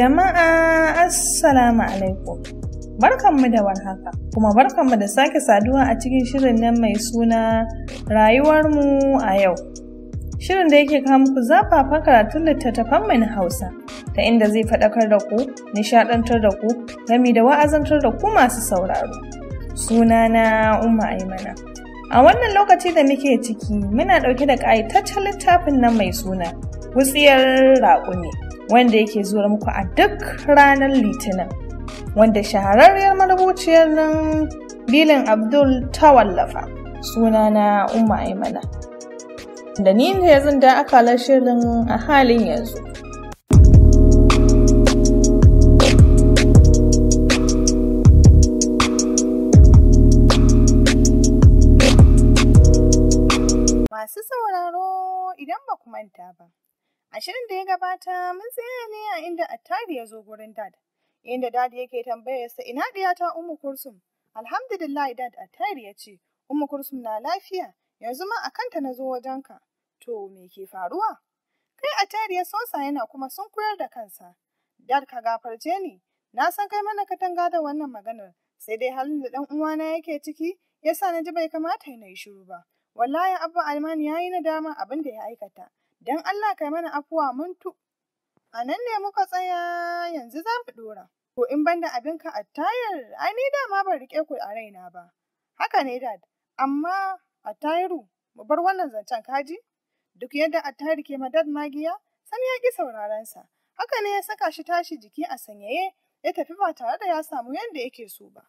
Jama'a Assalamu alaikum. Barkanmu da warhaka, kuma barkanmu da sake saduwa a cikin shirin nan mai suna rayuwarmu a yau. Shirin da yake kawo muku zafafan karatun littattafan mai na Hausa, ta inda zai faɗakar da ku, nishaɗantar da ku, gami da wa'azantar da ku masu sauraro. Sunana Umma Aimana. A wannan lokaci da muke ciki, muna ɗauke da ƙayataccen littafin nan mai suna, wutsiyar raƙumi. wanda yake zuwa muku a duk ranar litinin wanda shahararriyar marubuciyar nan bilin abdul ta wallafa na umma aimana da ni ne zan da aka shirin a halin yanzu masu sauraro idan ba ku manta ba A shirin da ya gabata mun tsaya ne a inda Attabi ya zo gurin dad, inda dad yake tambayarsa ina ɗiyata Ummu Kursum. Alhamdulillah dad Attabi ya ce, Ummu Kursum na lafiya, yanzu ma a kanta na zo wajenka. To me ke faruwa? Kai Attabi ya sosa yana kuma sun koyar da kansa. Dad ka gafarce ni, na san kai mana katanga da wannan maganar, sai dai halin da 'dan uwana yake ciki yasa na ji bai kamata na yi shiru ba. Wallahi Abba almani ya yi dama abin da ya aikata. Don Allah kai mana afuwa mun tu. A nan ne muka tsaya yanzu za mu ɗora. To in banda abinka a tayar, ai ni dama ban riƙe ku a raina ba. Haka ne dad, amma a tayaru mu bar wannan zancen kaji? Duk yadda a tayar ke madad magiya, sam ya ƙi saurarensa. Haka ne ya saka shi tashi jiki a sanyaye, ya tafi ba tare da ya samu yadda yake so ba.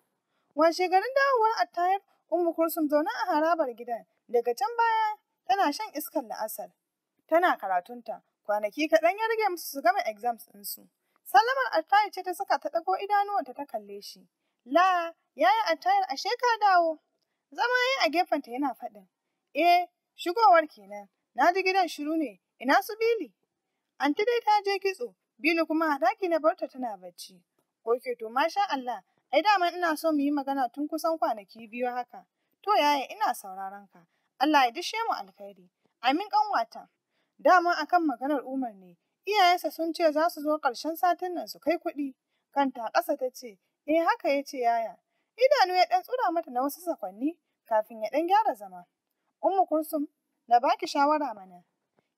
Washe garin dawowar attayar, Ummu Kulsum zaune a harabar gidan, daga can baya tana shan iskar la'asar. tana karatunta kwanaki kaɗan ya rage musu su gama exams ɗinsu. Salamar attaya ce ta saka ta ɗago idanuwanta ta kalle shi. La, yaya attayar ashe ka dawo. Zama yayi a ta yana faɗin. Eh, shigowar kenan. Na ji gidan shiru ne. Ina su Bili? Anti dai ta je kitso. Bili kuma a ɗaki na barta tana bacci. Oke to masha Allah. Ai dama ina so mu yi magana tun kusan kwanaki biyu haka. To yaya ina sauraron ka. Allah ya dishe mu alkhairi. Amin ƙanwata. Dama akan maganar Umar ne, iyayensa sun ce za su zo ƙarshen satin nan su kai kuɗi. Kanta ƙasa ta ce, eh haka ya ce yaya. Idanu ya ɗan tsura mata na wasu sakwanni kafin ya ɗan gyara zama. Ummu Kulsum, na baki shawara mana.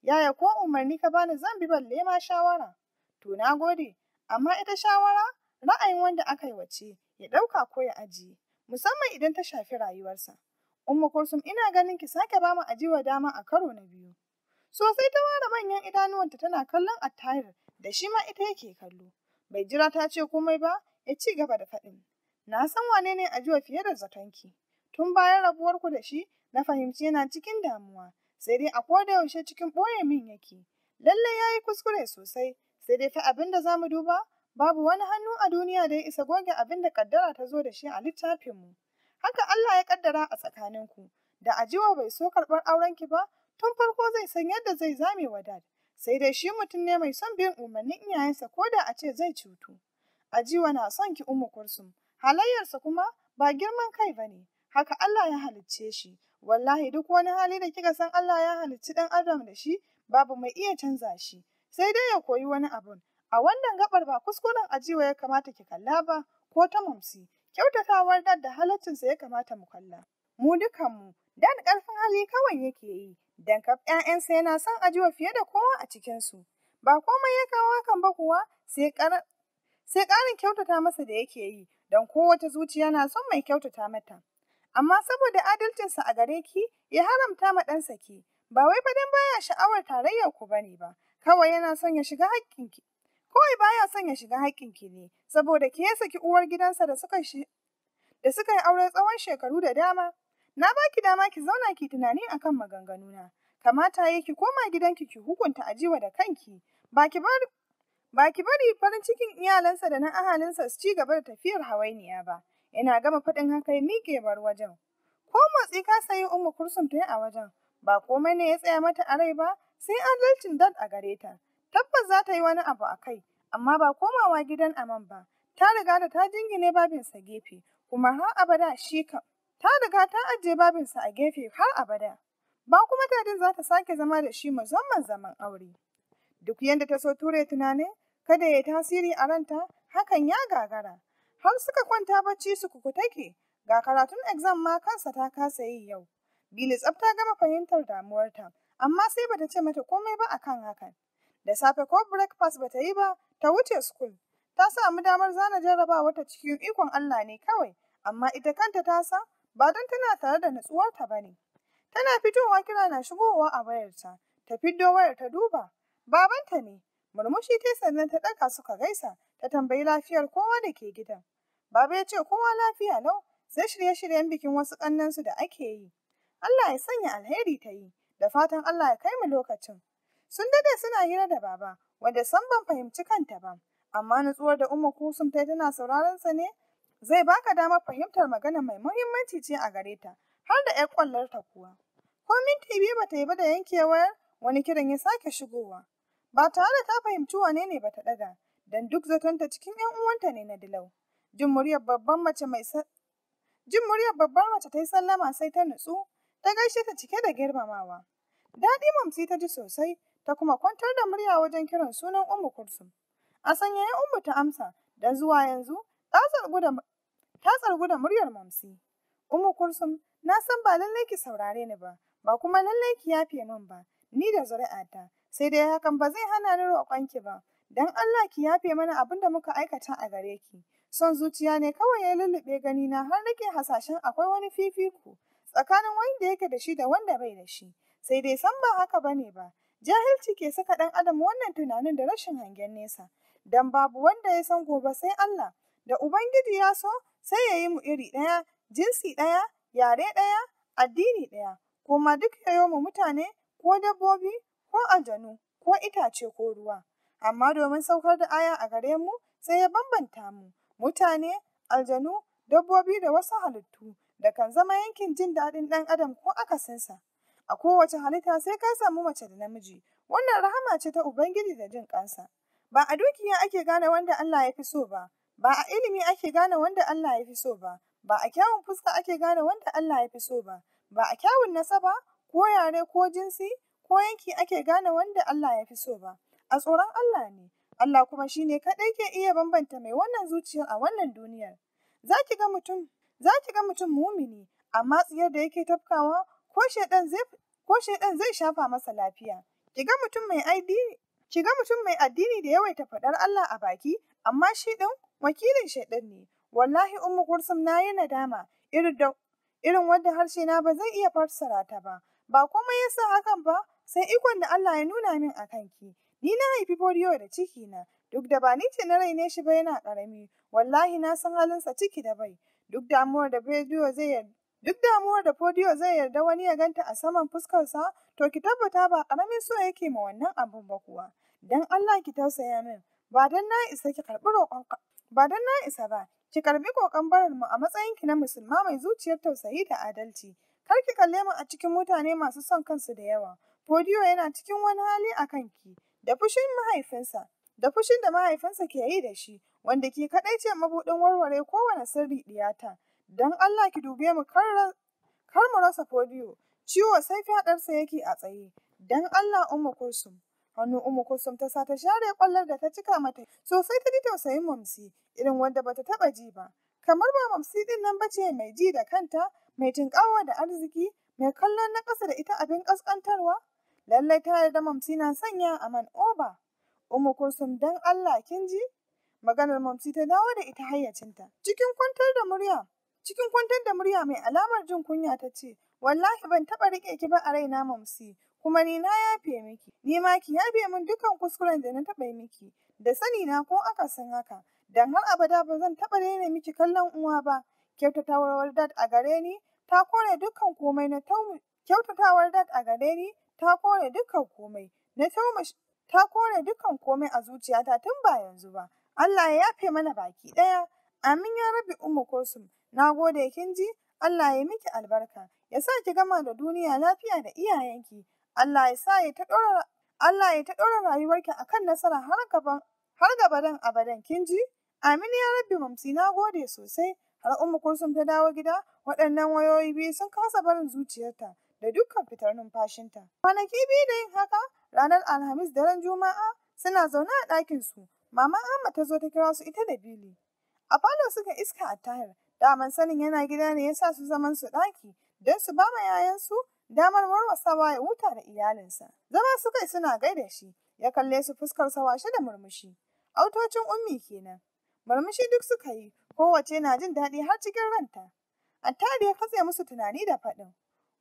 Yaya ko umarni ka bani zan bi balle ma shawara. To na gode, amma ita shawara ra'ayin wanda aka yi wace ya ɗauka ko ya ajiye, musamman idan ta shafi rayuwarsa. Umma Kulsum ina ganin ki sake bamu ajiwa dama a karo na biyu. Sosai ta ware manyan idanuwanta tana kallon attahir da shi ma ita yake kallo. Bai jira ta ce komai ba, ya ci gaba da faɗin. Na san wane ne ajiwa fiye da zatonki. Tun bayan rabuwar ku da shi, na fahimci yana cikin damuwa, sai dai a ko da yaushe cikin ɓoye min yake. Lalle ya yi kuskure sosai, sai dai ta abin da za mu duba, babu wani hannu a duniya da ya isa goge abin da kaddara ta zo da shi a littafinmu. Haka Allah ya ƙaddara a tsakaninku, da ajiwa bai so karɓar aurenki ba, Tun farko zai san yadda zai zame wa dad, sai dai shi mutum ne mai son bin umarnin iyayensa ko da a ce zai cutu. Ajiwa na son ki umu kursum, halayyarsa kuma ba girman kai ba ne, haka Allah ya halicce shi. Wallahi duk wani hali da kika san Allah ya halicci dan Adam da shi, babu mai iya canza shi, sai dai ya koyi wani abun. A wannan gabar ba kuskuren ajiwa ya kamata ki kalla ba, ko ta mamsi, kyautatawar dad da halaccinsa ya kamata mu kalla. Mu dukanmu, dad ƙarfin hali kawai yake yi, Dankaf ‘ya'yansa yana son ajiwa fiye da kowa a cikinsu, ba komai ya kawo hakan ba kuwa sai ƙarin kyautata masa da yake yi, don kowace zuciya na son mai kyautata mata. Amma saboda adalcinsa a gare ki, ya haramta ma ɗansa ki, ba wai fadan baya sha'awar tarayyar ku ba ne ba, kawai yana son ya shiga haƙƙinki. Kawai baya son ya shiga haƙƙinki ne, saboda ki ya saki uwar gidansa da suka yi aure tsawon shekaru da dama. Na baki dama ki zauna ki tunani akan maganganuna. Kamata ya ki koma gidanki ki hukunta ajiwa da kanki. Ba ki bari farin cikin iyalansa da na ahalinsa su ci gaba da tafiyar hawainiya ba. Ina gama faɗin haka ya miƙe bar wajen. Ko motsi ka sayi Ummu Kursum ta yi a wajen. Ba komai ne ya tsaya mata a rai ba, sai adalcin dad a gare ta. Tabbas za ta yi wani abu a kai, amma ba komawa gidan aman ba. Ta riga da ta jingine babinsa gefe, kuma har abada shi kam. ta riga ta ajiye babinsa a gefe har abada, ba kuma tadin za ta sake zama da shi musamman zaman aure. Duk yadda ta so ture tunanin, kada ya tasiri a ranta, hakan ya gagara. Har suka kwanta bacci su kuku take, ga karatun exam ma kansa ta kasa yi yau. Bili tsafta gama fahimtar damuwarta, amma sai bata ce mata komai ba akan hakan. Da safe ko breakfast bata yi ba, ta wuce school. Ta samu damar zana jarrabawa ta cikin ikon Allah ne kawai, amma ita kanta ta sa. ba don tana tare da natsuwarta ba ne. Tana fitowa kira na shigowa a wayarta, ta fiddo wayar ta duba, babanta ne, murmushi ta sannan ta ɗaka suka gaisa, ta tambayi lafiyar kowa da ke gidan. Baba ya ce kowa lafiya lau, sai shirye-shiryen bikin wasu ƙannensu da ake yi. Allah ya sanya alheri ta yi, da fatan Allah ya kai mu lokacin. Sun dade suna hira da baba, wanda san ban fahimci kanta ba, amma nutsuwar da Umma Kusum ta tana sauraron sa ne zai baka damar fahimtar magana mai muhimmanci ce a gare ta, har da ‘yar ta kuwa. Ko minti biyu bata yi ba da yankewar wani kiran ya sake shigowa, ba tare da ta fahimci wane ne ta ɗaga, Dan duk zaton ta cikin ‘yan uwanta ne na Dilau. Jin muryar babban mace mai Jin muryar babbar mace ta yi sallama sai ta nutsu, ta gaishe ta cike da girmamawa. Daɗi mamsi ta ji sosai, ta kuma kwantar da murya wajen kiran sunan Umu kursu A sanyaye Ummu ta amsa, da zuwa yanzu, ta zargu da ta tsargu da muryar Mamsi. Umu Kursum, na san ba lallai ki saurare ni ba, ba kuma lallai ki yafe min ba, ni da zuri'ata, sai dai hakan ba zai hana ni roƙon ki ba. Don Allah ki yafe mana abin da muka aikata a gare ki. Son zuciya ne kawai ya lulluɓe gani na har nake hasashen akwai wani fifiko tsakanin wanda yake da shi da wanda bai da shi. Sai dai san ba haka ba ne ba. Jahilci ke saka ɗan adam wannan tunanin da rashin hangen nesa. Dan babu wanda ya san gobe sai Allah. Da Ubangiji ya so sai ya yi mu iri ɗaya, jinsi ɗaya, yare ɗaya, addini ɗaya, kuma duk ya yi mu mutane ko dabbobi ko aljanu ko itace ko ruwa. Amma domin saukar da aya a gare mu sai ya bambanta mu, mutane, aljanu, dabbobi da wasu halittu da kan zama yankin jin daɗin ɗan adam ko akasinsa. A kowace halitta sai ka samu mace da namiji, wannan rahama ce ta Ubangiji da jin ƙansa. Ba a dukiya ake gane wanda Allah ya fi so ba, Ba a ilimi ake gane wanda Allah ya fi so ba, ba a kyawun fuska ake gane wanda Allah ya fi so ba, ba a kyawun nasaba ko yare ko jinsi ko yanki ake gane wanda Allah ya fi so ba. A tsoron Allah ne, Allah kuma shi ne kaɗai ke iya bambanta mai wannan zuciyar a wannan duniyar. Za ki ga mutum, za ki mumini, amma tsiyar da yake tafkawa ko shaidan zai zai shafa masa lafiya. Ki ga mutum mai addini, ki ga mutum mai addini da yawaita faɗar Allah a baki, amma shi ɗin wakilin shaidan ne wallahi ummu kursum na yi nadama irin da irin wanda harshe na ba zai iya fassara ta ba ba komai ya sa hakan ba sai ikon da Allah ya nuna min a ki ni na haifi fodiyo da ciki na duk da ba ni ce na raine shi ba yana karami wallahi na san halinsa ciki da bai duk damuwar da fodiyo zai yarda duk damuwar da podiyo zai yarda wani ya ganta a saman fuskarsa to ki tabbata ba karamin so yake ma wannan abun ba kuwa dan Allah ki tausaya min ba dan na isa ki karɓi roƙon Ba don na isa ba, ki karbi kokan barin mu a matsayin ki na musulma mai zuciyar tausayi da adalci. Kar ki kalle mu a cikin mutane masu son kansu da yawa. Fodiyo yana cikin wani hali a kanki, da fushin mahaifinsa, da fushin da mahaifinsa ke yi da shi, wanda ke kaɗai ce mabuɗin warware kowane sirri ɗiyata. Don Allah ki dube mu kar mu rasa fodiyo, ciwo sai fyaɗarsa yake a tsaye. Don Allah Umma kursum Hannu Umu Kusum ta sa share kwallar da ta cika mata sosai ta ji tausayin Mamsi irin wanda bata taba ji ba. Kamar ba Mamsi din nan bace mai ji da kanta, mai tinƙawa da arziki, mai kallon na ƙasa da ita abin ƙasƙantarwa. Lallai ta yarda Mamsi na sanya a man oba. Umu Kusum dan Allah kin ji? Maganar Mamsi ta dawo da ita hayyacinta. Cikin kwantar da murya, cikin kwantar da murya mai alamar jin kunya ta ce, wallahi ban taɓa riƙe ki ba a raina Mamsi, kuma ni na yafe miki, ni ma ki yafe min dukan kuskuren da na taɓa yi miki, da sani na ko aka san haka, dan har abada ba zan taɓa daina miki kallon uwa ba. Kyautatawar dad a gare ni ta kore dukkan komai na tau kyautatawar dad a gare ni ta kore dukan komai na ta kore dukan komai a zuciyata tun ba yanzu ba. Allah ya yafe mana baki ɗaya. Amin ya rabi Ummu kosum, Na gode kin ji? Allah ya miki albarka. Ya sa ki gama da duniya lafiya da iyayenki. Allah ya sa ya ta ɗora Allah ya ta ɗora rayuwarki akan nasara har gaban har abadan kin ji? Amin ya rabbi mamsi na gode sosai har Umma Kursun ta dawo gida waɗannan wayoyi biyu sun kasa barin zuciyarta da dukkan fitar numfashinta. Kwanaki biyu da yin haka ranar Alhamis da ran Juma'a suna zaune a ɗakin su. Mama Ahmad ta zo ta kira su ita da Bili. A falo suka iska a tahir, daman sanin yana gida ne ya sa su zaman su ɗaki don su ba ma yayansu damar warwasawa ya huta da iyalinsa. Zama su kai suna gaida shi, ya kalle su fuskar washe da murmushi. Autocin ummi kenan. Murmushi duk suka yi, kowace na jin daɗi har cikin ranta. Attari ya katse musu tunani da faɗin.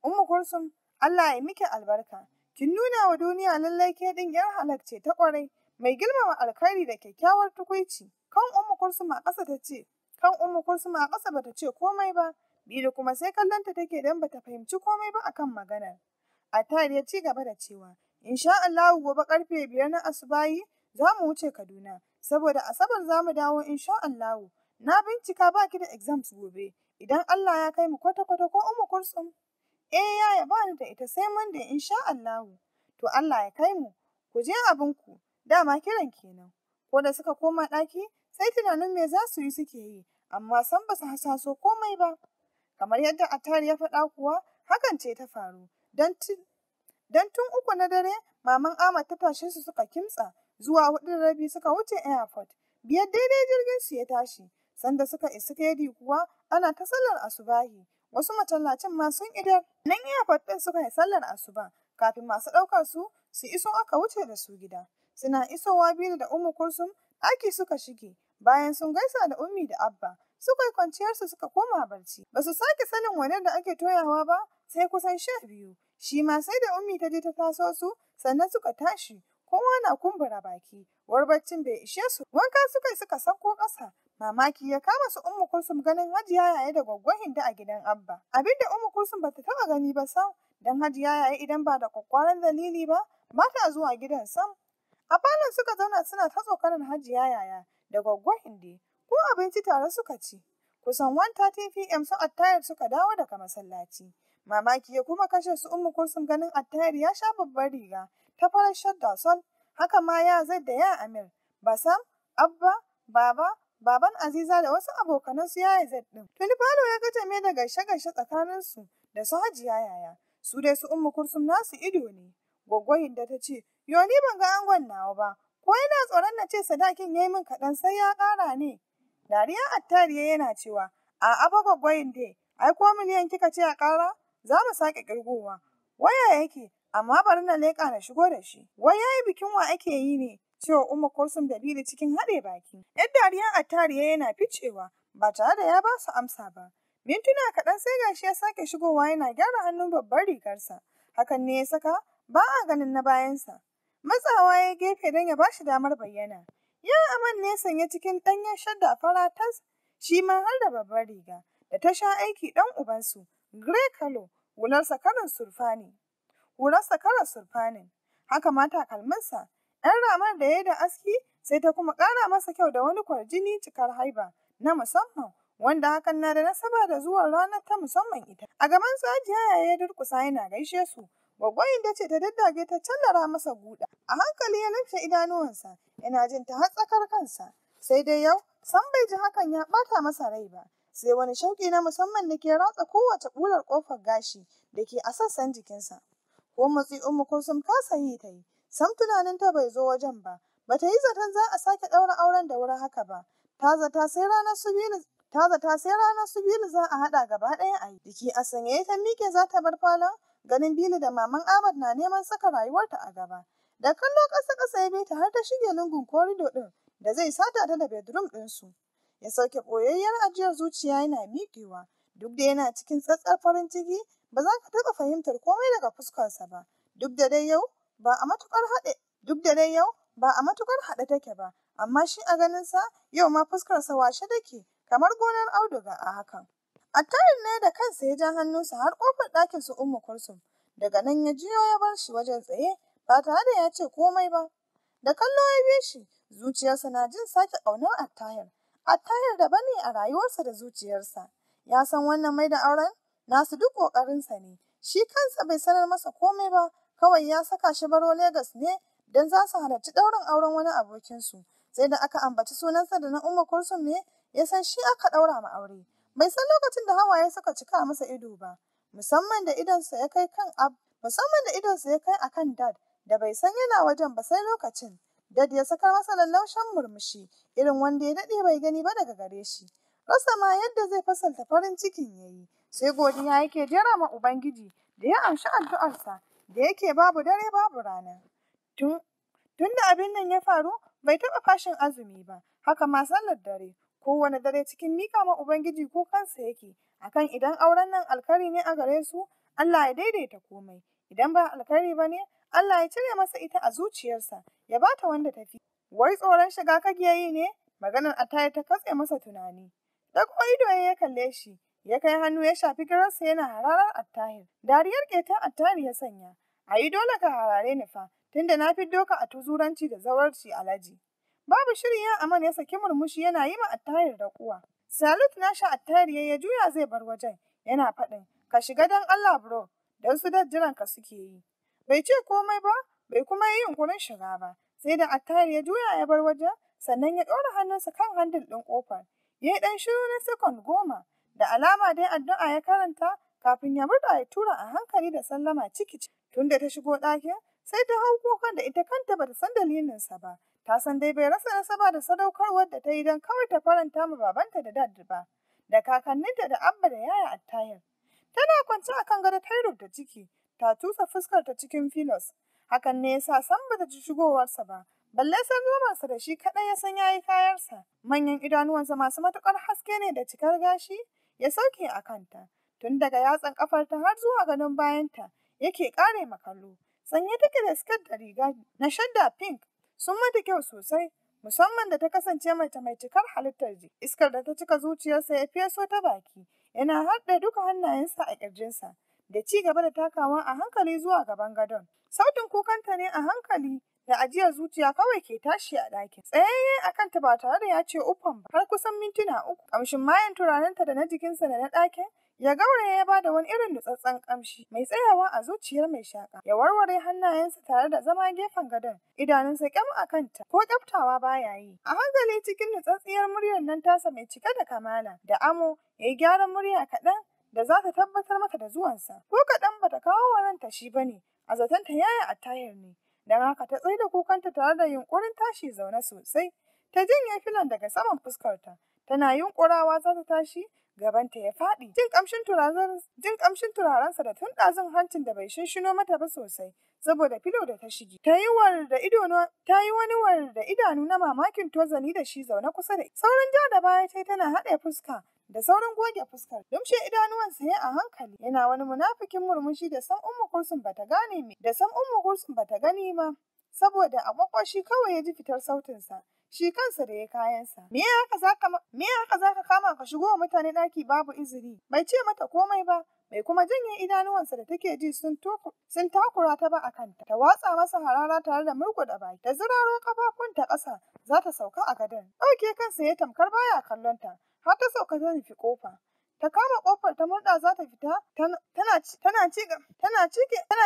Ummu Kursum, Allah ya miki albarka. Kin nuna wa duniya lallai ke ɗin ‘yar halakce ta ƙwarai, mai girmama alkhairi da kyakkyawar tukuici. Kan Ummu Kursum a ƙasa ta ce, kan Ummu Kursum a ƙasa bata ce komai ba, Bilu kuma sai kallonta take don bata fahimci komai ba akan maganar. Attar ya ci gaba da cewa, Insha Allahu gobe karfe biyar na Asubayi, za mu wuce Kaduna, saboda Asabar za mu dawo insha Allahu. Na bincika ba ki da exams gobe, idan Allah ya kai mu kwata-kwata ko umu kursun. Eh ya ba ni da ita sai munda insha Allahu. To Allah ya kai mu, ku je abinku, dama kiran kenan. Ko da suka koma ɗaki, sai tunanin me za su yi suke yi, amma san ba su hasaso komai ba. Kamar yadda Attar ya faɗa kuwa, hakan ce ta faru. Don tun uku na dare, maman Ahmad ta tashe su suka kimtsa, zuwa hudun rabi suka wuce airport. Biyar daidai jirgin su ya tashi, sanda suka isa kedi kuwa ana ta sallar asubahi. Wasu matallacin ma sun idar. Nan airport ɗin suka yi sallar asuba, kafin masu ɗaukar su su iso aka wuce da su gida. Suna isowa biyu da umu kursum ɗaki suka shige, bayan sun gaisa da Ummi da Abba. suka yi kwanciyarsu suka koma barci. Ba su sake sanin wani da ake toyawa ba sai kusan sha biyu. Shi ma sai da ummi ta je ta taso su sannan suka tashi kowa na kumbura baki. baccin bai ishe su wanka suka yi suka sauko ƙasa. Mamaki ya kama su Ummu Kulsum ganin Hajiya yaya da gwaggwan Hinda a gidan Abba. Abinda Ummu Kulsum ba ta taɓa gani ba sam, dan Hajiya yayi idan ba da kwakwaran dalili ba, ba zuwa gidan sam. A falon suka zauna suna ta tsokanar Hajiya yaya da gwaggwan Hinde. ko abinci tare suka ci. Kusan 1:30 pm su attayar suka dawo daga masallaci. Mamaki ya kuma kashe su ummu kursun ganin attayar ya sha babbar riga ta farar shadda sol. Haka ma ya zai da ya Amir, Basam, Abba, Baba, baban Aziza da wasu abokanansu ya Zaid ɗin Tuni Falo ya gaje da gaishe-gaishe tsakaninsu da su hajiya yaya. Su dai su ummu kursum nasu ido ne. Gwaggwayin da ta ce, Yoni ban ga angon nawa ba, ko yana tsoron na ce sadakin ya yi min kaɗan sai ya ƙara ne. Dariya attariya yana cewa, a'a fa gwaggwayin dai, ai ko miliyan kika ce a ƙara? Za mu sake ƙirgowa. Waya yake, amma bari na leƙa na shigo da shi. Wai yayi bikin wa ake yi ne? Cewa Umma Kulsum da Bili cikin haɗe baki. Yan dariyan attariya yana ficewa, ba tare da ya ba su amsa ba. Mintuna kaɗan sai gashi ya sake shigowa yana gyara hannun babbar rigarsa. Hakan ne ya saka ba a ganin na bayansa. Matsawa ya gefe don ya ba shi damar bayyana. ya aman ne sanya cikin ɗanyen shadda fara tas, shi ma har da babbar riga, da ta sha aiki ɗan ubansu, grey kalo, hularsa karin surfani. Hularsa sakarar surfanin, haka ma takalminsa, ‘yan ramar da ya da aski sai ta kuma ƙara masa kyau da wani kwarjini cikar haiba na musamman wanda hakan na da nasaba da zuwan ranar ta musamman ita. A gaban su ajiya ya durƙusa yana gaishe su Gwaggwayin ta ce ta daddage ta tallara masa guda. A hankali ya rufe idanuwansa, yana jin ta hatsakar kansa. Sai dai yau, san bai ji hakan ya ɓata masa rai ba. Sai wani shauki na musamman da ke ratsa kowace ɓular ƙofar gashi da ke a sassan jikinsa. Ko matsi ko sun kasa yi ta yi, sam tunanin ta bai zo wajen ba. Bata yi zaton za a sake ɗaura auren da wuri haka ba. Ta zata sai ranar su biyu ta sai ranar su za a haɗa gaba ɗaya a yi. Jiki a sanye ta mike za ta bar falon ganin Bili da maman Ahmad na neman saka rayuwarta a gaba. Da kallo ƙasa ƙasa ya bi ta har ta shige lungun korido ɗin da zai sata ta da bedroom ɗinsu. Ya sauke ɓoyayyar ajiyar zuciya yana miƙewa, duk da yana cikin tsatsar farin ciki ba za ka taɓa fahimtar komai daga fuskarsa ba. Duk da dai yau ba a matuƙar haɗe duk da dai yau ba a matukar haɗe take ba, amma shi a ganin sa, yau ma fuskarsa washe take kamar gonar auduga a hakan. Attarin ne da kansa ya ja hannunsa har kofar ɗakin su Ummu Kulsum. Daga nan ya jiyo ya bar shi wajen tsaye ba tare da ya ce komai ba. Da kallo ya bi shi, zuciyarsa na jin sake ƙaunar attayar. Attayar da bane a rayuwarsa da zuciyarsa. Ya san wannan mai da auren nasu duk ƙoƙarinsa ne. Shi kansa bai sanar masa komai ba, kawai ya saka shi baro Legas ne don za su halarci ɗaurin auren wani abokinsu. Sai da aka ambaci sunansa da na Umma Kulsum ne, ya san shi aka ɗaura ma aure. Bai san lokacin da hawaye suka cika masa ido ba, musamman da idonsa ya kai kan ab, musamman da idonsa ya kai akan dad da bai san yana wajen ba sai lokacin. Dad ya saka masa lallaushan murmushi, irin wanda ya daɗe bai gani ba daga gare shi. Rasa ma yadda zai fasalta farin cikin ya yi, sai godiya yake jera ma Ubangiji da ya amshi addu'arsa da yake babu dare babu rana. Tun, tun da abin nan ya faru, bai taɓa fashin azumi ba, haka ma sallar dare, Kowane dare cikin miƙa ma Ubangiji kukansa yake, akan idan auren nan alkhairi ne a gare su, Allah ya daidaita komai. Idan ba alkhairi ba ne, Allah ya cire masa ita a zuciyarsa, ya ba ta wanda tafi. Wai tsoron shiga kagiyayi ne, maganar attahir ta katse masa tunani. Dago ido ya kalle shi, ya kai hannu ya shafi gararsa yana hararar attahir. Dariyar ƙetan attahir ya sanya, a yi dole ka harare ni fa, tunda na fi doka a tuzuranci da zawarci alaji. Babu shirin ya aman ya saki murmushi yana yi ma attayar da kuwa. Salut na sha attayar ya juya zai bar wajen yana faɗin ka shiga don Allah bro don su dajjiran ka suke yi. Bai ce komai ba bai kuma yi yunkurin shiga ba sai da attayar ya juya ya bar wajen sannan ya ɗora hannunsa kan handil ɗin ƙofar. Ya yi ɗan shiru na sekon goma da alama dai addu'a ya karanta kafin ya murɗa ya tura a hankali da sallama ciki tunda ta shigo ɗakin sai ta hau kukan da ita kanta bata san dalilinsa ba. ta san dai bai rasa nasaba da sadaukarwar da ta yi don kawai ta faranta ma babanta da dad ba, da kakanninta da abba da yaya attayar. Tana kwance a akan gado ta da ciki, ta tusa ta cikin filos. Hakan ne yasa san bata ji shigowarsa ba, balle san romansa da shi kaɗai ya san yayi kayarsa. Manyan idanuwansa masu matukar haske ne da cikar gashi ya sauke a kanta, tun daga yatsan ƙafarta har zuwa ganin bayanta yake ƙare makallo. Sanye take da siket da riga na shadda pink sun mata kyau sosai, musamman da ta kasance mace mai cikar halittar ji. Iskar da ta cika zuciyarsa ya feso ta baki, yana haɗa duka hannayensa a ƙirjinsa, da ci gaba da takawa a hankali zuwa gaban gadon. Sautin kukanta ne a hankali da ajiyar zuciya kawai ke tashi a ɗakin. Tsayayye a kanta ba tare da ya ce uffan ba, har kusan mintuna uku. Kamshin mayan turarenta da na jikinsa da na ɗakin Ya gauraya ya bada wani irin nutsatsen kamshi mai tsayawa a zuciyar mai shaka. Ya warware hannayensa tare da zama gefen gadon, idanunsa kyam a kanta ko kyaftawa baya yi. A hankali cikin nutsatsiyar muryar nan tasa mai cike da kamala da amo ya yi gyaran murya kaɗan da za ta tabbatar mata da zuwansa. Ko kaɗan bata kawo wa ranta shi ne. a zatonta yaya attayar ne. Don haka ta tsaida kukanta tare da yunkurin tashi zaune sosai. Ta janye filan daga saman fuskarta, tana yunkurawa za ta tashi gabanta ya faɗi. Jin ƙamshin turaren jin turarensa da tun ɗazun hancin da bai shinshino mata ba sosai saboda filo da ta shige. Ta yi war wani war da idanu na mamakin tozani da shi zaune kusa da sauran ja da baya tai tana haɗe fuska da saurin goge fuskar lumshe idanuwan ya a hankali yana wani munafikin murmushi da san ummu kursun bata gane me da san ummu kursun bata gani ma saboda a kwakwashi kawai ya ji fitar sautinsa shi kansa da ya kayansa. Me ya haka za ka kama ka shigo wa mutane ɗaki babu izini? Bai ce mata komai ba, bai kuma janye idanuwansa da take ji sun takura ta ba a kanta. Ta watsa masa harara tare da da baki, ta ziraro kafafunta ƙasa za ta sauka a gadon. Ɗauke kansa ya tamkar baya kallonta, har ta sauka ta nufi ƙofa. ta kama ƙofar ta murɗa za ta fita tana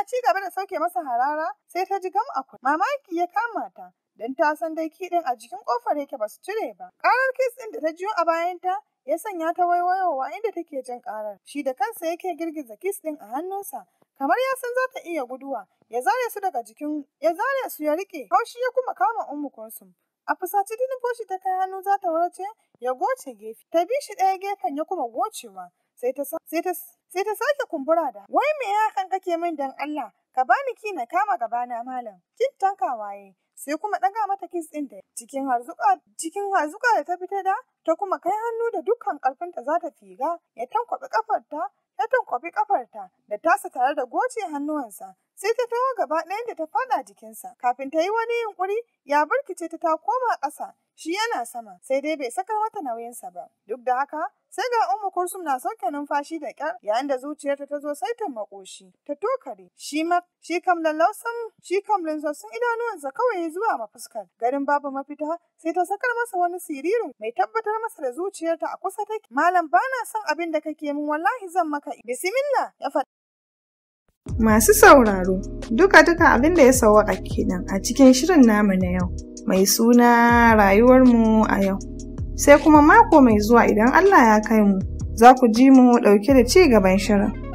ci gaba da sauke masa harara sai ta ji gam akwai mamaki ya kama ta don ta san dai kiɗin a jikin ƙofar yake ba su cire ba. Ƙarar kes ɗin da ta jiyo a bayanta ya sanya ta waiwayowa inda take jan ƙarar. Shi da kansa yake girgiza kes ɗin a hannunsa kamar ya san za ta iya guduwa ya zare su daga jikin ya zare su ya riƙe haushi ya kuma kama ummu kursum. A fusace dinin ta kai hannu za ta warce ya goce gefe ta bi shi ɗaya gefen ya kuma gocewa sai ta sake kumbura da wai me ya kan kake min dan Allah ka bani ki na kama gabana malam kin tanka waye sai kuma ɗaga mata kis ɗin da cikin harzuka cikin harzuka da ta fita da ta kuma kai hannu da dukkan ƙarfinta za ta figa ya tankwaɓi ƙafarta ya tankwafi ƙafarta da tasa tare da goce hannuwansa sai ta tawo gaba ɗayan da ta faɗa jikinsa kafin ta yi wani yunƙuri ya birkice ta ta koma ƙasa shi yana sama sai dai bai sakar mata nauyinsa ba duk da haka Sai ga umu Kursum na sauke numfashi da ƙyar yayin da zuciyarta ta zo sai ta makoshi, ta tokare. Shi ma shi kam lallausan shi kam linsassun idanuwansa kawai zuwa mafuskar. Garin babu mafita sai ta sakar masa wani siririn mai tabbatar masa da zuciyarta a kusa take. Malam bana son abin da kake min wallahi zan maka. Bismillah ya faɗi. Masu sauraro, duka-duka abin da ya sauwaka kenan a cikin shirin namu na yau, mai suna rayuwarmu a yau. sai kuma mako mai zuwa idan Allah ya kai mu za ku ji mu ɗauke da ci gaban shirin.